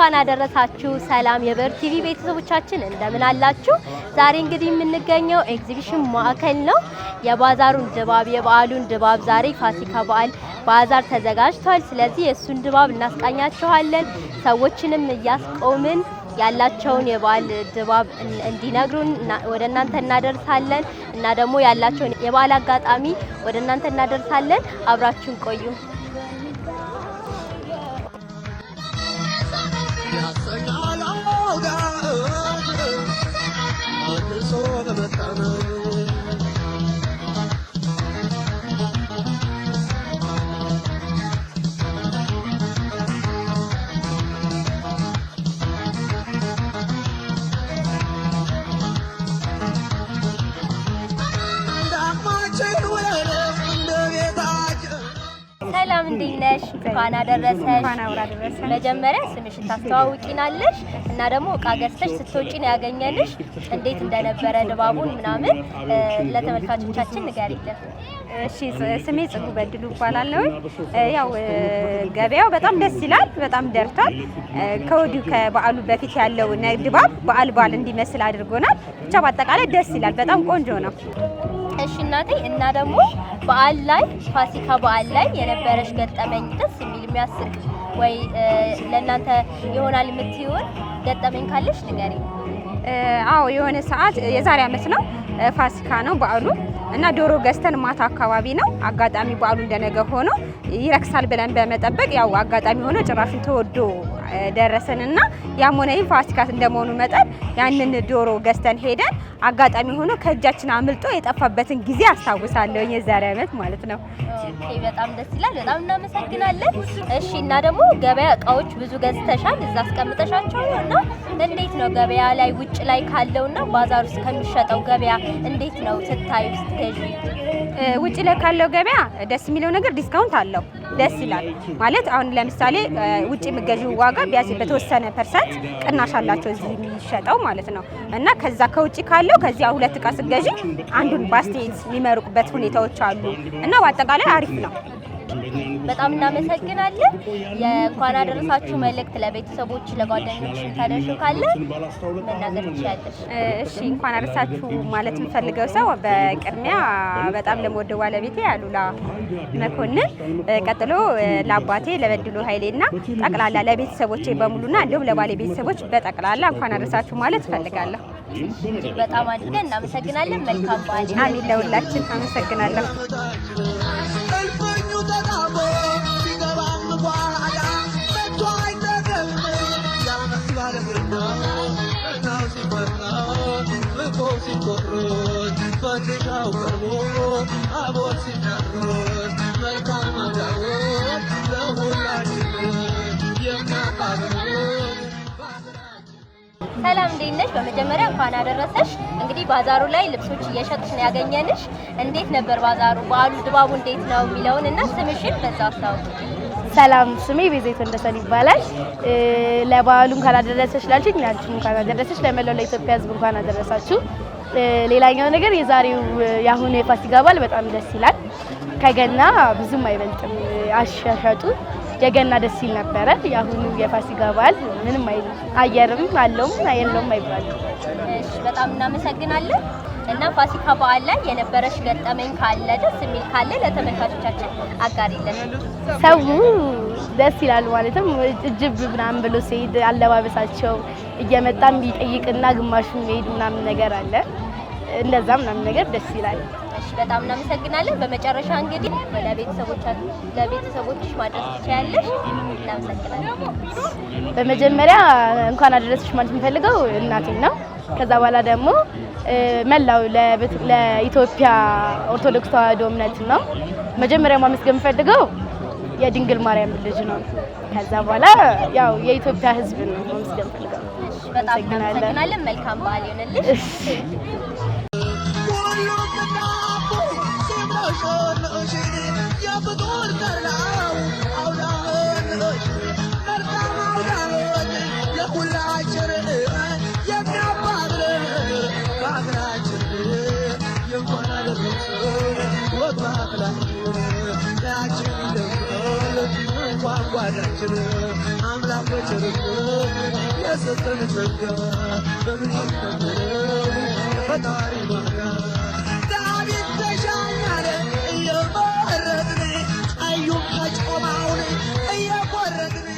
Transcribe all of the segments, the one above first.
እንኳን አደረሳችሁ። ሰላም የበር ቲቪ ቤተሰቦቻችን እንደምን አላችሁ? ዛሬ እንግዲህ የምንገኘው ኤግዚቢሽን ማዕከል ነው። የባዛሩን ድባብ፣ የበዓሉን ድባብ ዛሬ ፋሲካ በዓል ባዛር ተዘጋጅቷል። ስለዚህ የእሱን ድባብ እናስቃኛችኋለን። ሰዎችንም እያስቆምን ያላቸውን የበዓል ድባብ እንዲነግሩን ወደ እናንተ እናደርሳለን እና ደግሞ ያላቸውን የበዓል አጋጣሚ ወደ እናንተ እናደርሳለን። አብራችሁን ቆዩ። እንዴት ነሽ? እንኳን አደረሰሽ። መጀመሪያ ስምሽን ታስተዋውቂናለሽ እና ደግሞ እቃ ገዝተሽ ስትወጪ ነው ያገኘንሽ እንዴት እንደነበረ ድባቡን ምናምን ለተመልካቾቻችን ንገሪልን። እሺ፣ ስሜ ጽጉ በድሉ እባላለሁ። ያው ገበያው በጣም ደስ ይላል፣ በጣም ደርቷል። ከወዲሁ ከበዓሉ በፊት ያለው ድባብ በዓል በዓል እንዲመስል አድርጎናል። ብቻ በአጠቃላይ ደስ ይላል፣ በጣም ቆንጆ ነው። እሺ እናቴ። እና ደግሞ በዓል ላይ ፋሲካ በዓል ላይ የነበረሽ ገጠመኝ ደስ የሚል የሚያስቅ ወይ ለእናንተ ይሆናል የምትሆን ገጠመኝ ካለሽ ንገሪ። አዎ የሆነ ሰዓት የዛሬ ዓመት ነው ፋሲካ ነው በዓሉ እና ዶሮ ገዝተን ማታ አካባቢ ነው አጋጣሚ በዓሉ እንደነገ ሆኖ ይረክሳል ብለን በመጠበቅ ያው አጋጣሚ ሆኖ ጭራሹን ተወዶ ደረሰን እና ያም ሆነ ይህ ፋሲካት እንደመሆኑ መጠን ያንን ዶሮ ገዝተን ሄደን አጋጣሚ ሆኖ ከእጃችን አምልጦ የጠፋበትን ጊዜ አስታውሳለሁ፣ የዛሬ አመት ማለት ነው። በጣም ደስ ይላል። በጣም እናመሰግናለን። እሺ፣ እና ደግሞ ገበያ እቃዎች ብዙ ገዝተሻል፣ እዛ አስቀምጠሻቸው እና እንዴት ነው ገበያ ላይ ውጭ ላይ ካለውና ባዛር ውስጥ ከሚሸጠው ገበያ እንዴት ነው ስታዩ ስትገዢ? ውጭ ላይ ካለው ገበያ ደስ የሚለው ነገር ዲስካውንት አለው ደስ ይላል ማለት አሁን ለምሳሌ ውጭ የምገዢው ዋጋ ቢያንስ በተወሰነ ፐርሰንት ቅናሽ አላቸው እዚህ የሚሸጠው ማለት ነው። እና ከዛ ከውጭ ካለው ከዚያ ሁለት እቃ ስገዢ አንዱን ባስቴት የሚመርቁበት ሁኔታዎች አሉ እና በአጠቃላይ አሪፍ ነው። በጣም እናመሰግናለን። የእንኳን አደረሳችሁ መልእክት ለቤተሰቦች ለጓደኞች ታደርሱ ካለ መናገር ትችላለች። እሺ እንኳን አደረሳችሁ ማለት የምፈልገው ሰው በቅድሚያ በጣም ለመወደው ባለቤቴ አሉላ መኮንን፣ ቀጥሎ ለአባቴ ለበድሉ ኃይሌና ጠቅላላ ለቤተሰቦቼ በሙሉና እንዲሁም ለባሌ ቤተሰቦች በጠቅላላ እንኳን አደረሳችሁ ማለት እፈልጋለሁ። በጣም አድርገን እናመሰግናለን። መልካም በዓል። አሚን ለሁላችን። አመሰግናለሁ። ሰላም እንዴት ነሽ? በመጀመሪያ እንኳን አደረሰሽ። እንግዲህ ባዛሩ ላይ ልብሶች እየሸጥሽ ነው ያገኘንሽ። እንዴት ነበር ባዛሩ? በዓሉ ድባቡ እንዴት ነው የሚለውን እና ስምሽን በዛ አስታውቂ። ሰላም፣ ስሜ ቤዜት እንደሰን ይባላል። ለበዓሉ እንኳን አደረሰሽ ላልሽኝ፣ አንቺም እንኳን አደረሰሽ። ለመላው ለኢትዮጵያ ሕዝብ እንኳን አደረሳችሁ። ሌላኛው ነገር የዛሬው የአሁኑ የፋሲካ በዓል በጣም ደስ ይላል። ከገና ብዙም አይበልጥም አሸሸጡ የገና ደስ ይል ነበረ። የአሁኑ የፋሲካ በዓል ምንም አየርም አለውም የለውም አይባልም። በጣም እናመሰግናለን። እና ፋሲካ በዓል ላይ የነበረሽ ገጠመኝ ካለ ደስ የሚል ካለ ለተመልካቾቻችን አጋሪለን። ሰው ደስ ይላል ማለትም እጅብ ምናምን ብሎ ሲሄድ አለባበሳቸው እየመጣም ቢጠይቅና ግማሹ የሚሄድ ምናምን ነገር አለ እንደዛ ምናምን ነገር ደስ ይላል። በጣም እናመሰግናለን። በመጨረሻ እንግዲህ ለቤተሰቦችሽ ማድረስ ትችያለሽ። እናመሰግናለን። በመጀመሪያ እንኳን አደረሰሽ ማለት የምፈልገው እናቴ ነው። ከዛ በኋላ ደግሞ መላው ለኢትዮጵያ ኦርቶዶክስ ተዋህዶ እምነት ነው መጀመሪያ ማመስገን የምፈልገው የድንግል ማርያም ልጅ ነው። ከዛ በኋላ ያው የኢትዮጵያ ሕዝብ ነው ማመስገን ፈልጋለሁ። በጣም እናመሰግናለን። መልካም በዓል ይሆንልሽ። ሁላችን አዋዳችን አምላክ በቸርነቱ የሰጠን ጸጋ በምን ይከብዳል ፈጣሪ ማጋ ዳዊት ተሻኛለ እየመረጥን አዩብ ከጮማውን እየቆረጥን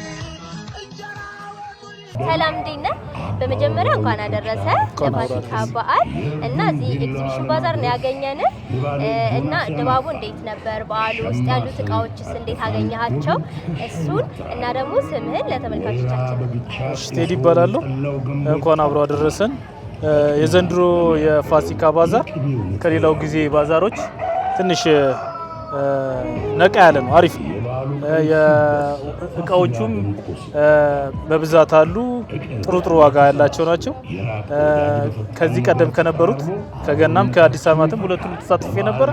ሰላም እንዴት በመጀመሪያ እንኳን አደረሰ ለፋሲካ በዓል እና እዚህ ኤግዚቢሽን ባዛር ነው ያገኘን እና ድባቡ እንዴት ነበር? በዓሉ ውስጥ ያሉት እቃዎችስ እንዴት አገኘሃቸው? እሱን እና ደግሞ ስምህን ለተመልካቾቻችን። ቴዲ ይባላሉ። እንኳን አብሮ አደረሰን። የዘንድሮ የፋሲካ ባዛር ከሌላው ጊዜ ባዛሮች ትንሽ ነቃ ያለ ነው። አሪፍ እቃዎቹም በብዛት አሉ። ጥሩ ጥሩ ዋጋ ያላቸው ናቸው። ከዚህ ቀደም ከነበሩት ከገናም ከአዲስ ዓመትም ሁለቱም ተሳትፎ የነበረ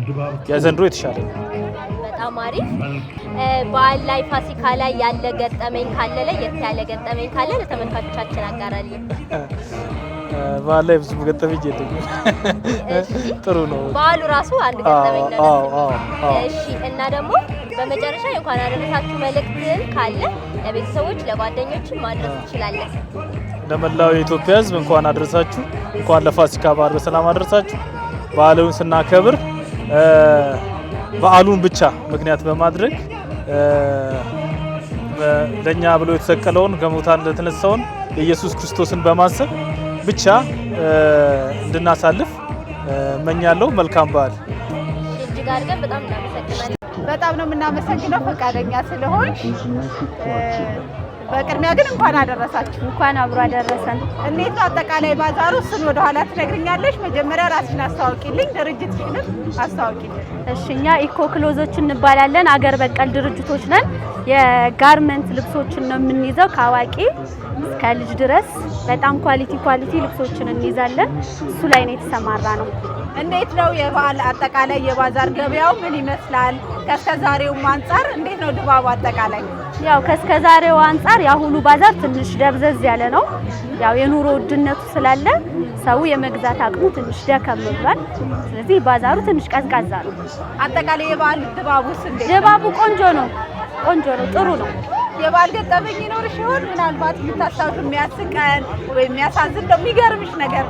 የዘንድሮ የተሻለ ነው። በጣም አሪፍ በዓል ላይ ፋሲካ ላይ ያለ ገጠመኝ ካለ የት ያለ ገጠመኝ ካለ ለተመልካቾቻችን አጋራለን። በዓል ላይ ብዙም ገጠመኝ የለኝም። ጥሩ ነው በዓሉ ራሱ አንድ ገጠመኝ ነው። እሺ እና ደግሞ በመጨረሻ እንኳን አደረሳችሁ መልእክትን ካለ ለቤተሰቦች ለጓደኞች ማድረስ ትችላለን። ለመላው የኢትዮጵያ ሕዝብ እንኳን አደረሳችሁ፣ እንኳን ለፋሲካ በዓል በሰላም አደረሳችሁ። በዓሉን ስናከብር በዓሉን ብቻ ምክንያት በማድረግ ለእኛ ብሎ የተሰቀለውን ከሙታን ለተነሳውን ኢየሱስ ክርስቶስን በማሰብ ብቻ እንድናሳልፍ እመኛለሁ። መልካም በዓል። በጣም ነው የምናመሰግነው ፈቃደኛ ስለሆን በቅድሚያ ግን እንኳን አደረሳችሁ። እንኳን አብሮ አደረሰን። እንዴት ነው አጠቃላይ ባዛሩ? እሱን ወደኋላ ትነግርኛለሽ። መጀመሪያ ራስሽን አስተዋውቂልኝ፣ ድርጅትሽንም አስተዋውቂልኝ። እሺ፣ እኛ ኢኮ ክሎዞች እንባላለን። አገር በቀል ድርጅቶች ነን። የጋርመንት ልብሶችን ነው የምንይዘው ከአዋቂ እስከ ልጅ ድረስ በጣም ኳሊቲ ኳሊቲ ልብሶችን እንይዛለን። እሱ ላይ ነው የተሰማራ ነው እንዴት ነው የበዓል አጠቃላይ የባዛር ገበያው ምን ይመስላል? ከእስከዛሬውም አንጻር እንዴት ነው ድባቡ አጠቃላይ? ያው ከእስከዛሬው አንጻር የአሁኑ ባዛር ትንሽ ደብዘዝ ያለ ነው። ያው የኑሮ ውድነቱ ስላለ ሰው የመግዛት አቅሙ ትንሽ ደከም ብሏል። ስለዚህ ባዛሩ ትንሽ ቀዝቃዛ ነው። አጠቃላይ የበዓል ድባቡስ እንዴት? ድባቡ ቆንጆ ነው፣ ቆንጆ ነው፣ ጥሩ ነው። የበዓል ገጠመኝ ይኖርሽ ይሆን? ምናልባት የምታስታውሽ የሚያስቀን ወይ የሚያሳዝን ነው የሚገርምሽ ነገር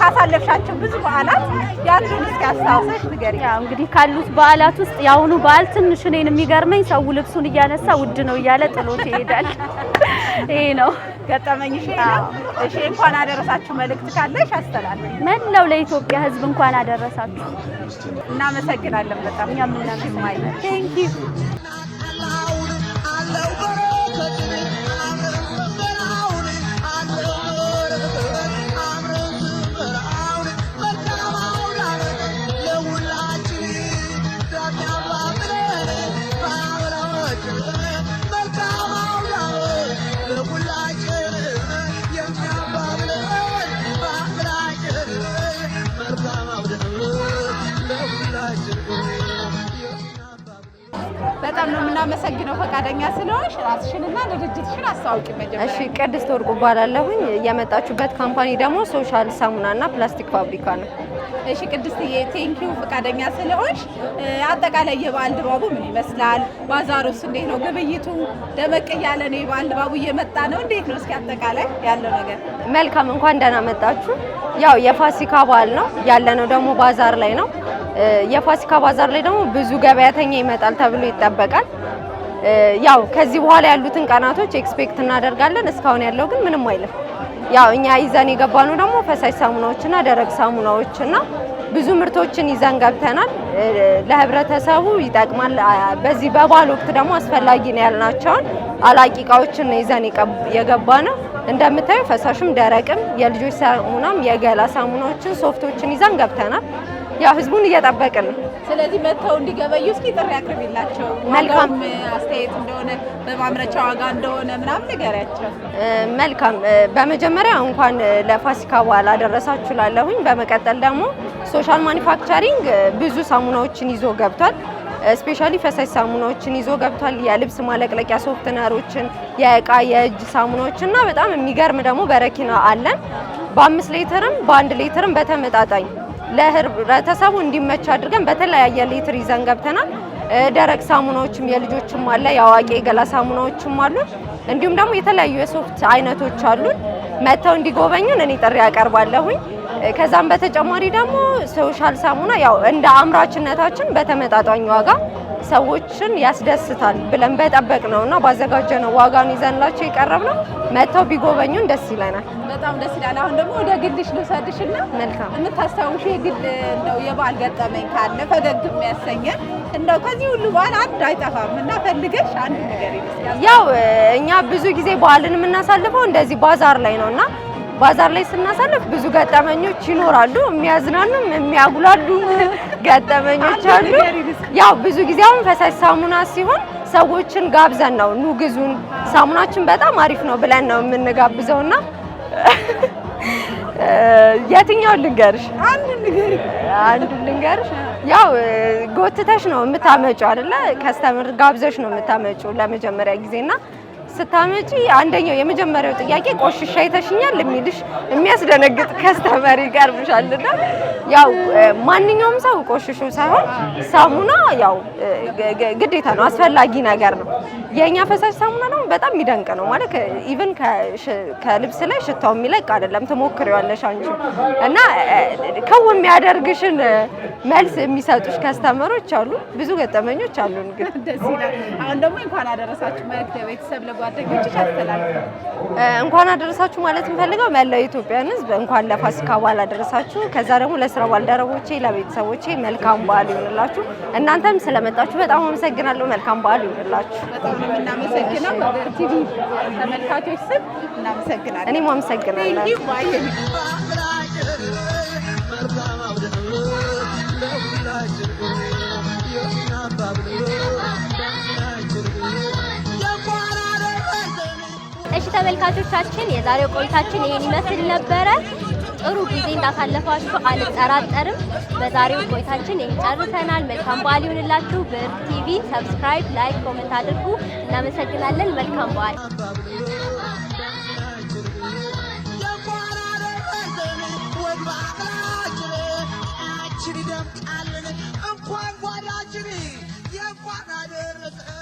ካሳለፍሻቸው ብዙ በዓላት ያንዱን እስኪ አስታውሰሽ ንገሪኝ። ያው እንግዲህ ካሉት በዓላት ውስጥ የአሁኑ በዓል ትንሽ እኔን የሚገርመኝ ሰው ልብሱን እያነሳ ውድ ነው እያለ ጥሎት ይሄዳል። ይሄ ነው ገጠመኝሽ። እሺ፣ እንኳን አደረሳችሁ መልእክት ካለሽ አስተላልፍ። መላው ለኢትዮጵያ ሕዝብ እንኳን አደረሳችሁ። እናመሰግናለን በጣም እኛም እናመሰግናለን። ቴንኪው ፈቃደኛ ስለሆንሽ ራስሽንና ድርጅትሽን አስተዋውቂ መጀመሪያ። እሺ፣ ቅድስት ወርቁ እባላለሁኝ። የመጣችሁበት ካምፓኒ ደግሞ ሶሻል ሳሙናና ፕላስቲክ ፋብሪካ ነው። እሺ ቅድስትዬ፣ ቴንኪው ፈቃደኛ ስለሆንሽ። አጠቃላይ የበዓል ድባቡ ምን ይመስላል? ባዛሩስ እንዴት ነው? ግብይቱ ደመቅ እያለ ነው። የበዓል ድባቡ እየመጣ ነው። እንዴት ነው? እስኪ አጠቃላይ ያለው ነገር። መልካም፣ እንኳን ደህና መጣችሁ። ያው የፋሲካ በዓል ነው ያለነው፣ ደግሞ ባዛር ላይ ነው። የፋሲካ ባዛር ላይ ደግሞ ብዙ ገበያተኛ ይመጣል ተብሎ ይጠበቃል። ያው ከዚህ በኋላ ያሉትን ቀናቶች ኤክስፔክት እናደርጋለን። እስካሁን ያለው ግን ምንም አይልም። ያው እኛ ይዘን የገባነው ደግሞ ፈሳሽ ሳሙናዎችና ደረቅ ሳሙናዎችና ብዙ ምርቶችን ይዘን ገብተናል። ለህብረተሰቡ ይጠቅማል። በዚህ በበዓል ወቅት ደግሞ አስፈላጊ ነው ያልናቸውን አላቂ እቃዎችን ነው ይዘን የገባ ነው። እንደምታዩ ፈሳሽም፣ ደረቅም፣ የልጆች ሳሙናም፣ የገላ ሳሙናዎችን፣ ሶፍቶችን ይዘን ገብተናል። ያው ህዝቡን እየጠበቅን ነው። ስለዚህ መጥተው እንዲገበዩ እስኪ ጥሪ አቅርቢላቸው። መልካም አስተያየት እንደሆነ በማምረቻ ዋጋ እንደሆነ ምናምን ንገሪያቸው። መልካም በመጀመሪያ እንኳን ለፋሲካ በዓል አደረሳችሁ በመቀጠል ደግሞ ሶሻል ማኒፋክቸሪንግ ብዙ ሳሙናዎችን ይዞ ገብቷል። ስፔሻሊ ፈሳሽ ሳሙናዎችን ይዞ ገብቷል። የልብስ ማለቅለቂያ ሶፍትነሮችን፣ የእቃ የእጅ ሳሙናዎችን እና በጣም የሚገርም ደግሞ በረኪና አለን በአምስት ሌትርም በአንድ ሌትርም በተመጣጣኝ ለህብረተሰቡ እንዲመች አድርገን በተለያየ ሊትር ይዘን ገብተናል። ደረቅ ሳሙናዎችም የልጆችም አለ፣ የአዋቂ የገላ ሳሙናዎችም አሉ እንዲሁም ደግሞ የተለያዩ የሶፍት አይነቶች አሉን። መጥተው እንዲጎበኙን እኔ ጥሪ ያቀርባለሁኝ። ከዛም በተጨማሪ ደግሞ ሶሻል ሳሙና ያው እንደ አምራችነታችን በተመጣጣኝ ዋጋ ሰዎችን ያስደስታል ብለን በጠበቅ ነው እና ባዘጋጀ ነው ዋጋውን ይዘንላቸው የቀረብ ነው። መጥተው ቢጎበኙን ደስ ይለናል። በጣም ደስ ይላል። አሁን ደግሞ ወደ ግልሽ ልውሰድሽ እና መልካም የምታስታውሽ የግል እንደው የበዓል ገጠመኝ ካለ ፈገግ የሚያሰኘን እንደው ከዚህ ሁሉ በዓል አንድ አይጠፋም እና ፈልገሽ አንድ ነገር ይመስላል። ያው እኛ ብዙ ጊዜ በዓልን የምናሳልፈው እንደዚህ ባዛር ላይ ነው እና ባዛር ላይ ስናሳልፍ ብዙ ገጠመኞች ይኖራሉ። የሚያዝናኑም የሚያጉላሉም ገጠመኞች አሉ። ያው ብዙ ጊዜ አሁን ፈሳሽ ሳሙና ሲሆን ሰዎችን ጋብዘን ነው ኑ ግዙን፣ ሳሙናችን በጣም አሪፍ ነው ብለን ነው የምንጋብዘውና የትኛው ልንገርሽ? አንዱ ልንገርሽ። ያው ጎትተሽ ነው የምታመጪው አይደለ? ከስተምር ጋብዘሽ ነው የምታመጪው ለመጀመሪያ ጊዜና ስታመጪ አንደኛው የመጀመሪያው ጥያቄ ቆሽሻ ይተሽኛል የሚልሽ የሚያስደነግጥ ከስተመሪ ይቀርብሻልና ያው ማንኛውም ሰው ቆሽሹ ሳይሆን ሳሙና ያው ግዴታ ነው፣ አስፈላጊ ነገር ነው። የኛ ፈሳሽ ሳሙና ደግሞ በጣም የሚደንቅ ነው ማለት ኢቭን ከልብስ ላይ ሽታው የሚለቅ አይደለም። ትሞክሪዋለሽ አንቺ እና ከው የሚያደርግሽን መልስ የሚሰጡሽ ከስተመሮች አሉ። ብዙ ገጠመኞች አሉ። እንግዲህ ደስ ይላል። አሁን ደግሞ እንኳን አደረሳችሁ መልዕክት ቤተሰብ ለጓ ጓደኞች ያስተላልፋል። እንኳን አደረሳችሁ ማለት የምፈልገው መላው የኢትዮጵያን ሕዝብ እንኳን ለፋሲካ በዓል አደረሳችሁ። ከዛ ደግሞ ለስራ ባልደረቦቼ፣ ለቤተሰቦቼ መልካም በዓል ይሁንላችሁ። እናንተም ስለመጣችሁ በጣም አመሰግናለሁ። መልካም በዓል ይሁንላችሁ። በጣም እናመሰግናለሁ። ቲቪ ተመልካቾች ስም እናመሰግናለን። እኔም አመሰግናለሁ። እሺ ተመልካቾቻችን የዛሬው ቆይታችን ይህን ይመስል ነበረ። ጥሩ ጊዜ እንዳሳለፋችሁ አልጠራጠርም። በዛሬው ቆይታችን ይሄን ጨርሰናል። መልካም በዓል ይሁንላችሁ። ብር ቲቪ ሰብስክራይብ፣ ላይክ፣ ኮሜንት አድርጉ። እናመሰግናለን። መልካም በዓል እንኳን